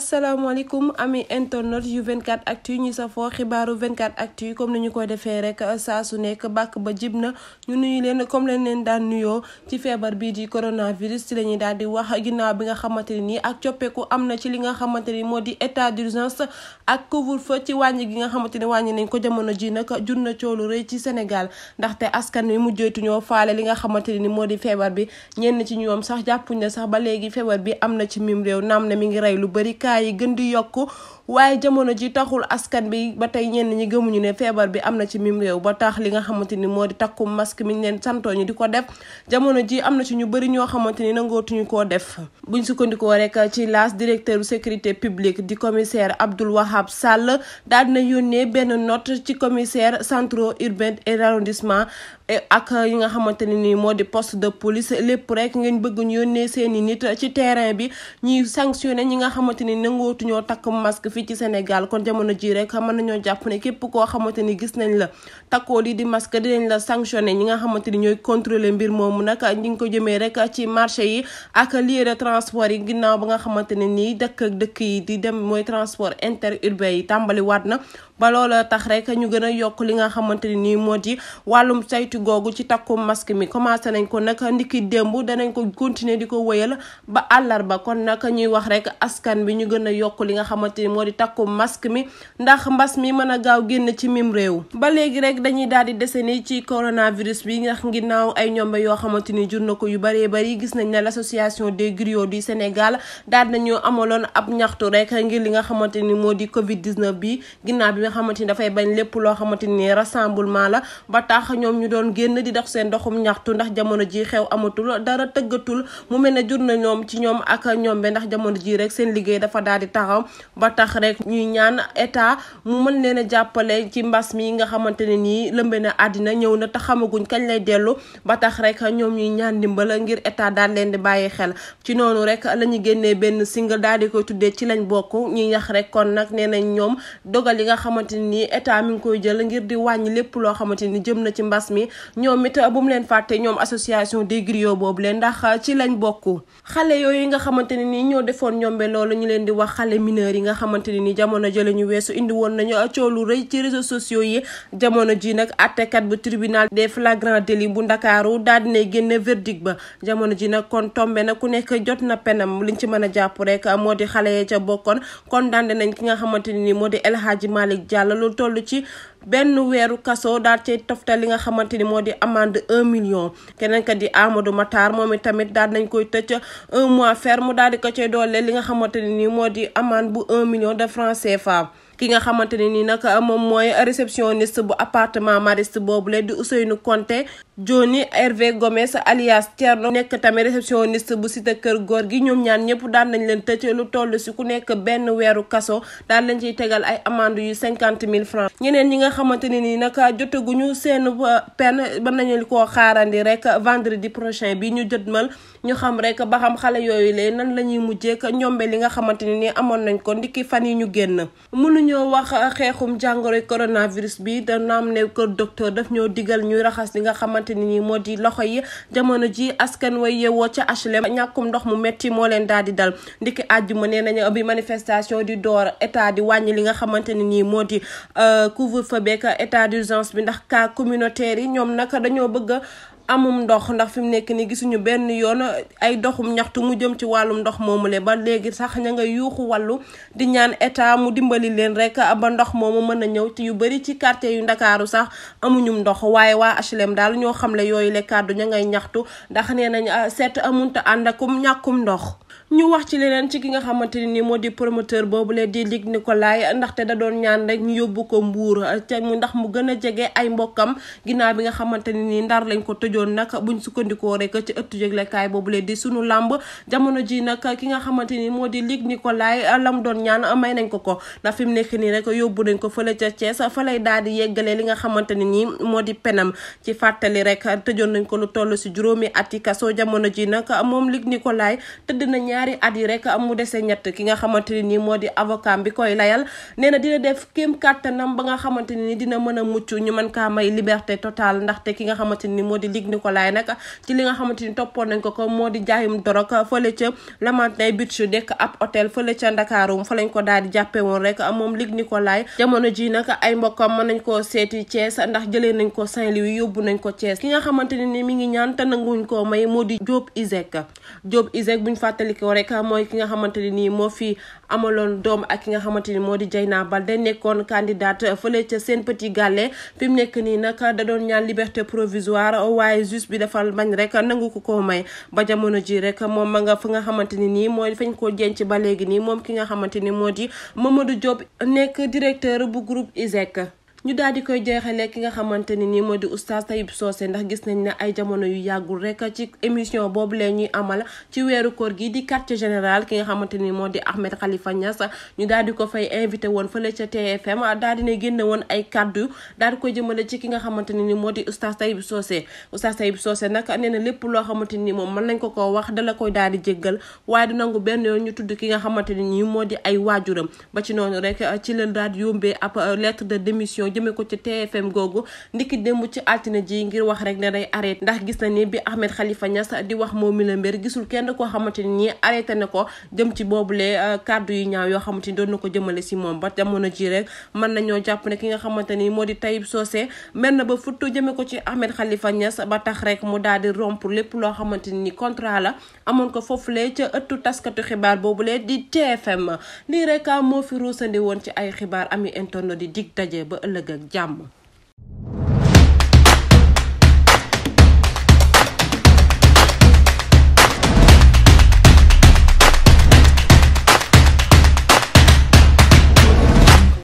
asalaamaaleykum ami internet yu vingt 24 actu ñu safoo xibaaru 24 actu comme ni ñu koy defee rek euh, saa su nekk bàkk ba jib na ñu nuyu leen comme leen leen daan nuyoo ci feebar bii di coronavirus ci la ñuy daal di wax ginnaaw bi nga xamante ne nii ak coppeeku am na ci li nga xamante ni moo di état d'urgence ak couvre-feu ci wàññi gi nga xamante ni wàññi nañ ko jamono ji nag jur na coolu rëy ci Sénégal ndaxte askan wi mujjootu ñoo li nga xamante ni moo di feebar bi ñenn ci ñoom sax jàppuñ ne sax ba léegi feebar bi am na ci miim réew naam na mi ngi rey lu bari cas yi gën di yokku waaye jamono ji taxul askan bi ba tey ñenn ñi gëmuñu ne feebar bi am na ci mim réew ba tax li nga xamante ni moo di takkum masque mi ñu leen santoo ñu di ko def jamono ji am na ci bëri ñoo xamante ni nangootuñu koo def buñ sukkandikoo rek ci laas directeur bu sécurité publique di commissaire Abdoul Wahab Sall daal dina yónnee benn note ci commissaire centro urbain et ak yi nga xamante ne ni moo di poste de police lépp rek ngeen bëgg ñu seen i nit ci terrain bi ñuy sanctionné ñi nga xamante ni nangootuñoo takk masque fi ci Sénégal kon jamono ji rek mën nañoo jàpp ne képp koo xamante ni gis nañ la takkoo lii di masque dinañ la sanctionné ñi nga xamante ni ñooy contrôler mbir moomu nag ñi nga ko jëmee rek ci marché yi ak lieu de transport yi ginnaaw ba nga xamante ne nii dëkk ak dëkk yi di dem mooy transport interurbain yi tàmbali waat na ba loola tax rek ñu gën a yokk li nga xamante ni nii moo di wàllum saytu googu ci takku masque mi commencé nañ ko nag ndiki démb danañ ko continuer di ko wéyal ba àllarba kon nag ñuy wax rek askan bi ñu gën a yokk li nga xamante ni moo di takku masque mi ndax mbas mi mën a gaaw génn ci mim réew ba léegi rek dañuy daal di dese ni ci coronavirus bi ndax ginnaaw ay ñombe yoo xamante ni jur na ko yu bëree bëri gis nañ ne l'association des griots du Sénégal daal nañu amaloon ab ñaxtu rek ngir li nga xamante ni moo di Covid bi ginnaaw bi nga xamante ni dafay bañ lépp loo xamante ni rassemblement la ba tax ñoom ñu doon génn di dox seen doxum ñaxtu ndax jamono ji xew amatul dara tëggatul mu mel ne jur na ñoom ci ñoom ak ñoom be ndax jamono ji rek seen liggéey dafa daal di taxaw ba tax rek ñuy ñaan état mu mën leen a jàppale ci mbas mi nga xamante ne nii lëmbe na àddina ñëw na te xamaguñ kañ lay dellu ba tax rek ñoom ñuy ñaan ndimbal ngir état daal leen di bàyyi xel ci noonu rek la ñu génnee benn single daal di koy tuddee ci lañ bokk ñuy ñax rek kon nag nee ñoom dogal yi nga xamante xamante ni état mi ngi koy jël ngir di wàññi lépp loo xamante ni jëm na ci mbas mi ñoom it bu mu leen fàtte ñoom association des griots boobu leen ndax ci lañ bokk xale yooyu nga xamante ne ni ñoo defoon ñombe loolu ñu leen di wax xale mineurs yi ni jamono jële ñu weesu indi woon nañu coow lu rëy ci réseaux sociaux yi jamono ji nag àttekat bu tribunal des flagrants délits bu ndakaaru daal dinay génne verdict ba jamono ji nag kon tombe na ku nekk jot na penam liñ ci mën a jàpp rek moo di xale ya ca bokkoon kon dande nañ ki Diallo lu toll ci benn weeru kaso daal cay toftal li nga xamante ni moo di amende un million kenn kat di Amadou Matar moom itamit daal nañ koy tëcc un mois ferme daal di ko cay doole li nga xamante ne ni moo di amende bu un million de francs CFA. ki nga xamante ne ni nag moom mooy réception nist bu appartement marist boobu le di Ousseynou Konté Johnny Hervé Gomes alias Thierno nekk tamit réceptionniste bu site kër góor gi ñoom ñaan ñëpp daan nañ leen tëj lu toll si ku nekk benn weeru kaso daan lañ ciy tegal ay amende yu cinquante mille francs ñeneen ñi nga xamante ne nii nag jotaguñu seen peine mën nañu koo xaarandi rek vendredi prochain bi ñu jëtmal ñu xam rek ba xam xale yooyu lee nan la ñuy mujjee ak ñombe li nga xamante ne nii amoon nañ ko ndiki fan yi ñu génn mënuñoo wax xeexum jàngoroy coronavirus bi da naam ne kër docteur daf ñoo digal ñuy xamante ni nii moo di loxo yi jamono ji askan way yeewoo ca HLM ñàkkum ndox mu métti moo leen daal di dal ndiki àjjuma nee nañu bi manifestation di door état di wàññi li nga xamante ne nii moo di euh, couvre-feu beeg état d'urgence bi ndax cas communautaire yi ñoom nag dañoo bëgg amum ndox ndax fi mu nekk ni gisuñu benn yoon ay doxum ñaxtu mu jëm ci wàllum ndox moomule ba léegi sax ña ngay yuuxu wàllu di ñaan état mu dimbali leen rek ba ndox moomu mën a ñëw te yu bëri ci quartier yu ndakaaru sax amuñu ndox waaye waa HLM daal ñoo xam le yooyu le kàddu ña ngay ñaxtu ndax nee nañ ah, seet amunta ànd akum ñàkkum ndox ñu wax ci leneen ci ki nga xamante ne ni moo di promoteur boobule di Luc Nicolaï ndaxte da doon ñaan rek ñu yóbbu ko mbuur ca mu ndax mu gën a jege ay mbokkam ginaaw bi nga xamante ne ni ndar lañ ko tëjoon nag buñ sukkandikoo rek ci ëttu yëglekaay boobule di sunu làmb jamono ji nag ki nga xamante ni moo di Luc Nicolaï lam doon ñaan may nañ ko ko ndax fi mu nekk nii rek yóbbu nañ ko fële ca Thiès fa lay daal di yeggale li nga xamante ne ni moo di penam ci fàttali rek tëjoon nañ ko lu toll si juróomi at yi jamono ji nag moom Luc Nicolaï tëdd na ñaari at yi rek mu dese ñett ki nga xamante ne nii moo di avocat bi koy layal nee na dina def kéem kàttanam ba nga xamante ne dina mën a mucc ñu mën kaa may liberté totale ndaxte ki nga xamante ne ni moo di Luc Nicolaï nag ci li nga xamante ni toppoon nañ ko ko moo di jaayum dorog fële ca Lamantin Beach dekk ab hôtel fële ca Ndakaarum fa lañ ko daal di jàppe woon rek moom Luc Nicolaï jamono ji nag ay mbokkam mën nañ koo seeti Thiès ndax jëlee nañ ko Saint-Louis yóbbu nañ ko Thiès ki nga xamante ne ni mi ngi ñaan te nanguñ ko may moo di Diop Iseg Diop Iseg buñ fàttali ko rek mooy ki nga xamante ne nii moo fi amaloon doom ak ki nga xamante ni moo di jay naa Dieyna Baldé nekkoon candidate fële ca seen Petit Gallé fi mu nekk nii nag da doon ñaan liberté provisoire waaye juge bi defal bañ rek nangu ko ko may ba jamono ji rek moom ma nga fa nga xamante ni nii mooy fañ ko jenc ba léegi nii moom ki nga xamante ni moo di du job nekk directeur bu group ISEC. ñu daal di koy jeexalee ki nga xamante ni nii moo di oustaz Tayib Socé ndax gis nañ ne ay jamono yu yàggul rek ci émission boobu la ñuy amal ci weeru koor gi di quartier général ki nga xamante ni moo di Ahmed Khalifa Niass ñu daal di ko fay invité woon fële ca TFM daal di ne génne woon ay kaddu daal koy jëmale ci ki nga xamante ni nii moo di oustaz Tayib Socé oustaz Tayib Socé nag nee na lépp loo xamante ni moom mën nañ ko ko wax dala koy daal di jéggal waaye du nangu benn yoon ñu tudd ki nga xamante ni nii moo di ay waajuram ba ci noonu rek ci la daal di yómbee ab lettre de démission jëmee ko ci TFM googu ndiki démb ci altine ji ngir wax rek ndax gis na ni bi Ahmed Khalifa Niass di wax moom mi la mbir gisul kenn koo xamante ni ñi arrêté na ko jëm ci boobule euh, kàddu yu ñaaw yoo xamante ni doon na ko jëmale si moom ba jamono ji rek mën nañoo jàpp ne ki nga xamante ni moo di Tayib Socé mel na ko ci Ahmed Khalifa ba tax rek mu daal di rompre lépp loo xamante ni contrat la amoon ko foofulee ca ëttu taskatu xibaar boobule di TFM lii rek moo fi ruusandi woon ci ay xibaar ami internet di dig daje ba ëllëg ëllëg ak jàmm